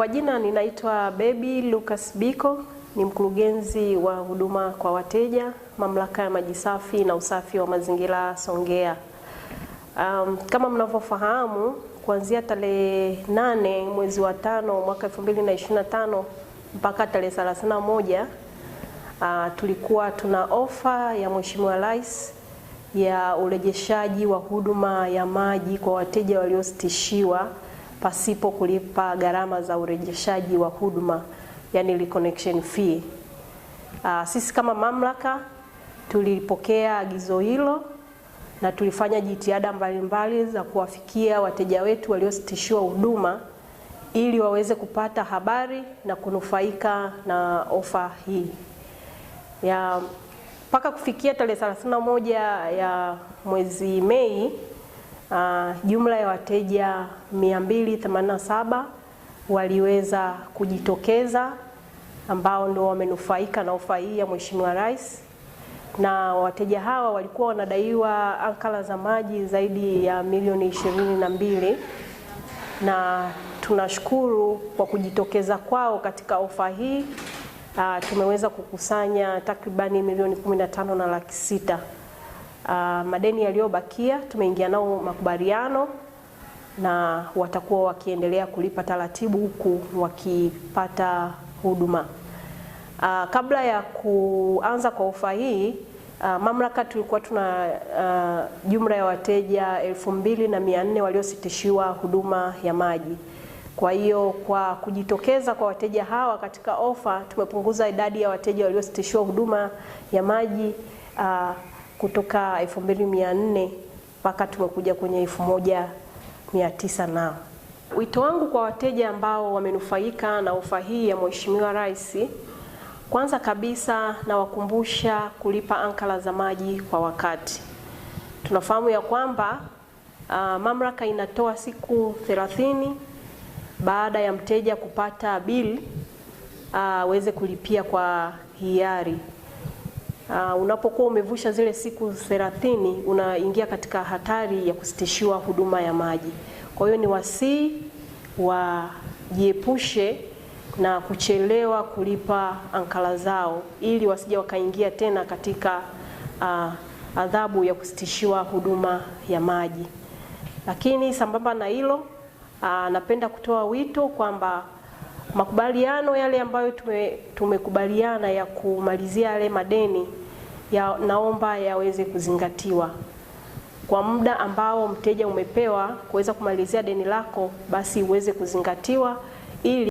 Kwa jina ninaitwa Baby Lucas Biko, ni mkurugenzi wa huduma kwa wateja Mamlaka ya Maji Safi na Usafi wa Mazingira Songea. Um, kama mnavyofahamu kuanzia tarehe nane mwezi wa tano mwaka 2025 mpaka tarehe 31 uh, tulikuwa tuna ofa ya Mheshimiwa Rais ya urejeshaji wa huduma ya maji kwa wateja waliositishiwa pasipo kulipa gharama za urejeshaji wa huduma, yani reconnection fee. Uh, sisi kama mamlaka tulipokea agizo hilo na tulifanya jitihada mbalimbali za kuwafikia wateja wetu waliositishiwa huduma ili waweze kupata habari na kunufaika na ofa hii ya mpaka kufikia tarehe 31 ya mwezi Mei Uh, jumla ya wateja 287 waliweza kujitokeza ambao ndio wamenufaika na ofa hii ya Mheshimiwa Rais, na wateja hawa walikuwa wanadaiwa ankala za maji zaidi ya milioni ishirini na mbili na tunashukuru kwa kujitokeza kwao katika ofa hii. Uh, tumeweza kukusanya takribani milioni 15 na laki sita. Uh, madeni yaliyobakia tumeingia nao makubaliano na watakuwa wakiendelea kulipa taratibu huku wakipata huduma. Uh, kabla ya kuanza kwa ofa hii uh, mamlaka tulikuwa tuna uh, jumla ya wateja elfu mbili na mia nne waliositishiwa huduma ya maji. Kwa hiyo kwa kujitokeza kwa wateja hawa katika ofa tumepunguza idadi ya wateja waliositishiwa huduma ya maji uh, kutoka 2400 mpaka tumekuja kwenye 1900 nao. Wito wangu kwa wateja ambao wamenufaika na ofa hii ya Mheshimiwa Rais, kwanza kabisa nawakumbusha kulipa ankala za maji kwa wakati. Tunafahamu ya kwamba uh, mamlaka inatoa siku 30 baada ya mteja kupata bili ah, aweze uh, kulipia kwa hiari. Uh, unapokuwa umevusha zile siku thelathini unaingia katika hatari ya kusitishiwa huduma ya maji. Kwa hiyo ni wasii wajiepushe na kuchelewa kulipa ankara zao ili wasije wakaingia tena katika uh, adhabu ya kusitishiwa huduma ya maji. Lakini sambamba na hilo, uh, napenda kutoa wito kwamba makubaliano yale ambayo tume, tumekubaliana ya kumalizia yale madeni ya, naomba yaweze kuzingatiwa kwa muda ambao mteja umepewa kuweza kumalizia deni lako, basi uweze kuzingatiwa ili